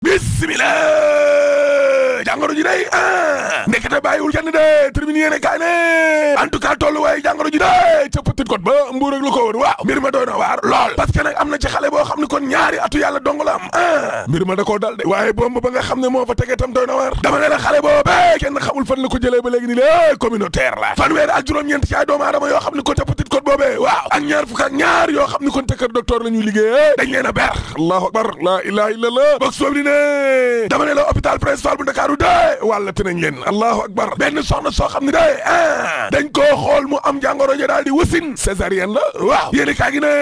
bismillah jàngoro ji day ah ndekete bàyyiwul kenn de tribune ne en tout cas tolluwaay jàngoro ji day ca Petite Côte ba Mbuur ak lu ko mbir ma doy na waar lool parce que nag am na ci xale boo xam ne kon ñaari atu yàlla dong la ah mbir ma da dal de waaye bomb ba nga xam ne moo fa tege tam doy na waar dama ne la xale boobee kenn xamul fan la ko jëlee ba léegi ni lé eh, communautaire la fanweer ak juróom-ñeent ci doomu aadama yoo xam ne ko ca Petite ñaar fukk ak ñaar yoo xam ni kon tëkkër docteur la ñuy liggéey dañ leen a beer allahu akbar laa ilaha illa allah bog soob di dama ne la hôpital principal bu Ndakaaru de wàlla te nañ leen allahu akbar benn soxna soo xam ne de ah, dañ ko xool mu am jàngoro ja daal di wasin césarienne la waaw yéene kaa gi ne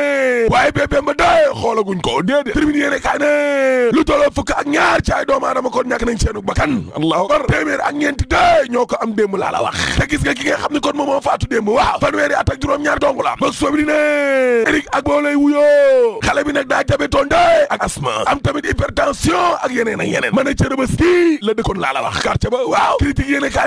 waaye bébé ba de xoolaguñ ko déedéet tribune yéene kaa ne lu tolloo fukk ak ñaar ci ay doomu aadama kon ñàkk nañ seenu bakkan allahu akbar téeméer ak ñeenti de ñoo ko am démb laa la te gis nga ki nga xam ne kon moom moo faatu démb waaw fanweeri at ak juróom-ñaar dong la bos foofu ak boo lay wuyoo xale bi nag daa jabetoon de ak asma am tamit hypertension ak yeneen ak yeneen mën a ca rëbës kii la dëkkoon laa la wax quartier ba waaw critique yéene kaa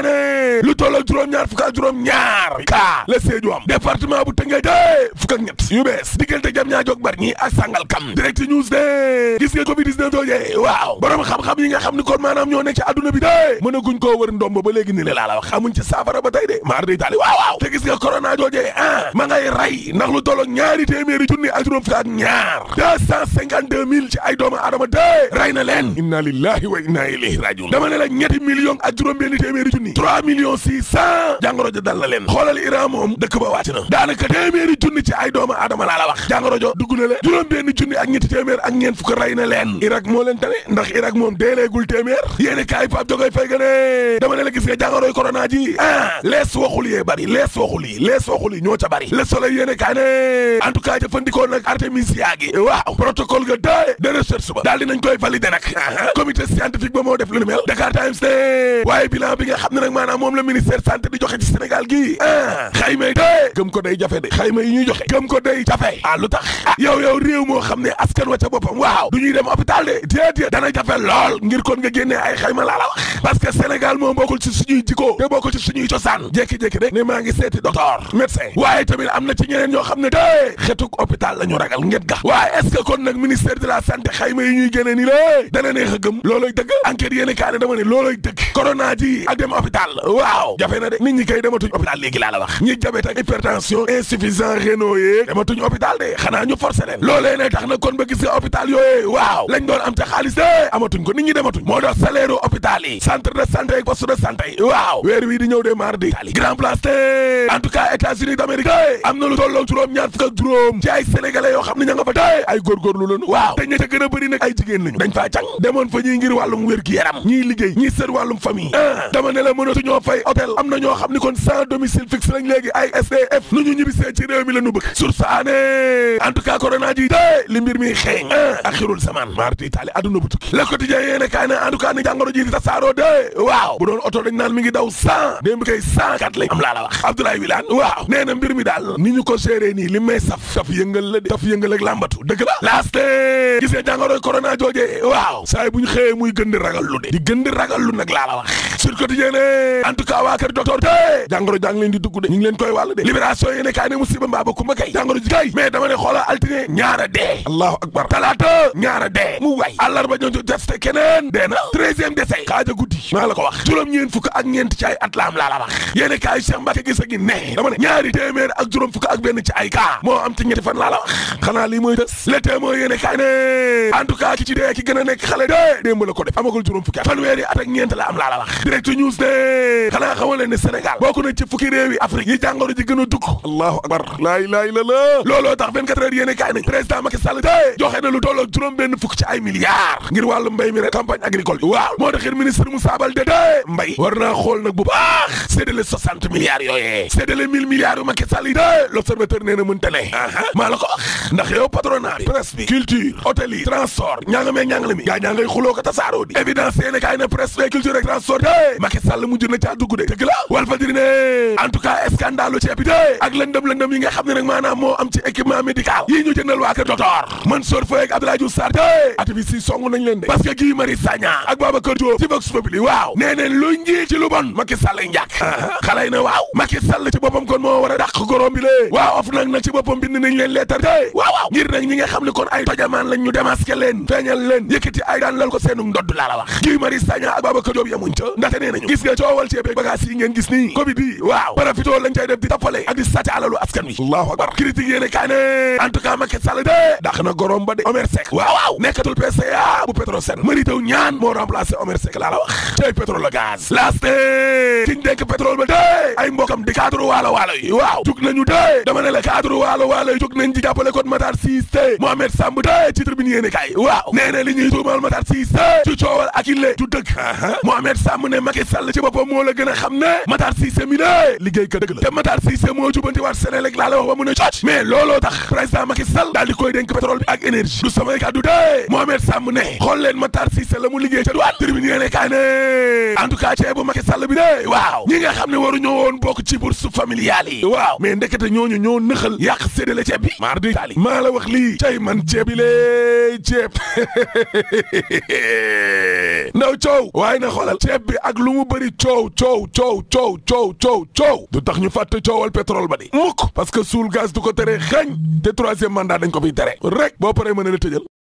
lu toll ak juróom-ñaar fukk ak kaa la Sédhiou am département bu Tëngéej de fukk ak ñett yu bees diggante jam ñaa bar ñi ak sàngal kam direct news de gis nga covid 19 ne kon maanaam ñoo nekk ci a guñ koo wër ndomb ba corona ba tey de maar day taali waaw waaw te gis nga corona joojee ah ma ngay rey ndax lu tolloog ñaari téeméeri junni ak juróom fukk ak ñaar deux cent cinquante deux mille ci ay doomu aadama de rey na leen inna lillahi wa inna ilayhi rajiun dama ne ñetti million ak juróom benn téeméeri junni trois millions six jàngoro jo dal na leen xoolal Iran moom dëkk ba wàcc na daanaka téeméeri junni ci ay doomu aadama wax jàngoro dugg na le junni ak ñetti téeméer ak ñeent fukk rey leen Irak moo leen tane ndax Irak moom deeleegul téeméer yéeni kaay Pape Jogoy Faye gane dama ne la gis nga jàngoroy corona ji ah lees waxul bari lees waxul lees waxul ñoo ca bari le soleil yéene kaay ne en jëfandikoo nag artémisia gi waaw protocole ga daay de recherche ba daal joxe ci Sénégal gii ah xayma de gëm ko jafe de xayma yi ñuy joxe gëm ko day ah, lu tax ah, yow yow réew moo xam ne askan wa ca boppam waaw du ñuy dem hôpital de déedéet dana jafe lool ngir kon nga génnee ay xayma laa la wax parce que Sénégal moom bokkul ci suñuy jikko te bokkul ci suñuy cosaan jékki-jékki rek ne maa ngi seeti docteur médecin waaye tamit am na ci ñeneen ñoo xam ne de xetuk hôpital la ñu ragal nget ga waaye est-ce kon nag ministère de la santé xayma yi ñuy génnee ni lée dana neex a gëm looloy dëgg enquête yéene kaa ne dama ne looloy dëgg corona ji ak dem hôpital waaw jafe na de ñi kay dematuñ hôpital léegi laa la wax ñi diabète ak hypertension insuffisant rénaux yee dematuñ hôpital de xanaa ñu forcé leen loolee ne tax na kon ba gis nga hôpital yooyee waaw lañ doon am ca xaalis de amatuñ ko nit ñi dematuñ moo dox salaire hôpital yi centre de santé ak poste de santé yi waaw weer wii di ñëw de mardi grand place en tout États-Unis d'Amérique am na lu tolloog juróom ñaar fukk juróom ci ay sénégalais yoo xam ne ña a fa ñii xam ni kon sans domicile fixe lañ léegi ay SDF nu ñu ñibbisee ci réew mi la nu bëgg source aané en tout cas corona ji de li mbir mi xeeñ ak ah xirul samaan marti taali adduna bu tukki le quotidien yéene kaay ne en tout cas ni jàngoro ji di tasaaroo de waaw bu oto dañ naan mi ngi daw cent démb kay san quatre lañ am laa la wax Abdoulaye Wilane waaw nee mbir mi daal ni ñu ko géré ni li may saf saf yëngal la de saf yëngal ak làmbatu dëgg la laaste gisee jàngoroy corona joojee waaw saay bu ñu xëyee gën di ragal lu de gën di ragal lu nag laa la Sud Quotidien ne en tout cas waa kër di dugg de ñu koy wàll de libération yéene kaay ne musiba kumba kay jàngoro ji kay mais dama xoola altine ñaara dee allahu akbar talaata ñaara dee mu way àllarba ñoo jot te keneen dee na treizième décès xaaja maa la ko wax juróom-ñeent fukk ak ñeent ci ay at la am laa la wax yéen kaa yi Cheikh Mbacke gis ne ñaari téeméer ak juróom fukk ak benn ci ay kaa moo am ci ñetti fan laa la wax xanaa lii mooy le témoin yéen kaay ne en tout ki ci dee ki gën a nekk xale de démb la ko def amagul juróom fukki at fanweeri at ak ñeent la am laa la wax direct news ne xanaa xamal leen ne Sénégal bokk na ci fukki réew yi yi jàngoro ji gën a dugg allahu akbar laa ilaaha illallaah looloo tax fukk ci ay milliards ngir wàllu mbéy mi rek campagne agricole responsable de dee mbay war naa xool nag bu baax séddale soixante milliards yooyee séddale mille yu Macky Sall yi de l'observateur nee na mënta ne aha maa la ko ndax yow patronat bi bi culture hôtel transport ñaanga mee mi yaa ñaa xuloo ko tasaaroo di évidence yéene kaay na presse bi culture et transport de Macky Sall mujj na caa dugg de dëgg la wal fa diri ne en tout ceeb bi de ak lëndëm lëndëm yi nga xam ne nag maanaam moo am ci équipement waaw nee neen lu nji ci lu bon Macky Sall njàkk uh-huh. xale yi ne waaw Macky Sall ci boppam kon moo war a dàq gorom bi lee waaw of nag na ci boppam bind nañ leen leetar te waaw waaw ngir nag ñi nga xam ne kon ay tojamaan lañ ñu démasqué leen feeñal leen yëkkati ay daan lal ko seenu ndodd laa la wax Guy Mari Sagna ak Babacar Diop yamuñ ca ndaxte nee nañu gis nga coowal ceebeeg bagage yi ngeen gis nii Covid bi waaw parafito lañ cay def di tappale ak di sàcc alalu askan wi allahu akbar critique yéene kaa en tout cas Macky Sall de dàq na gorom ba de Omer Seck waaw waaw nekkatul PCA bu Petrosen mari taw ñaan moo remplacer Omer Seck laa la wax neex tey pétrole gaz laaste kiñ dénk pétrole ba dee ay mbokam di cadre waalo waalo yi waaw jug nañu dee dama ne la cadre waalo waalo yi jug nañ ci jàppale kon Matar Cissé Mohamed Samb dee ci tribune yéene kay waaw nee na li ñuy tuumal Matar Cissé ci coowal ak ille du dëgg Mohamed Samb ne Macky Sall ci boppam moo la gën a xam ne Matar Cissé mi dee liggéey ka dëgg la te Matar Cissé moo jubanti waat Sénélec laa mais looloo tax président Macky Sall daal di koy dénk pétrole bi ak énergie du mu liggéey en tout cas ceebu Macky Sall bi de waaw ñi nga xam ne waru ñoo woon bokk ci bourse familiale yi waaw mais ndekete ñooñu ñoo nëxal yàq séddale ceeb bi maar di taali maa la wax lii cay man ceeb bi lee ceeb ndaw coow waaye na xoolal ceeb bi ak lu mu bëri coow coow coow coow coow coow coow du tax ñu fàtte coowal pétrole ba di mukk parce que suul gaz du ko tere xañ te troisième mandat dañ ko fiy tere rek boo paree mën a la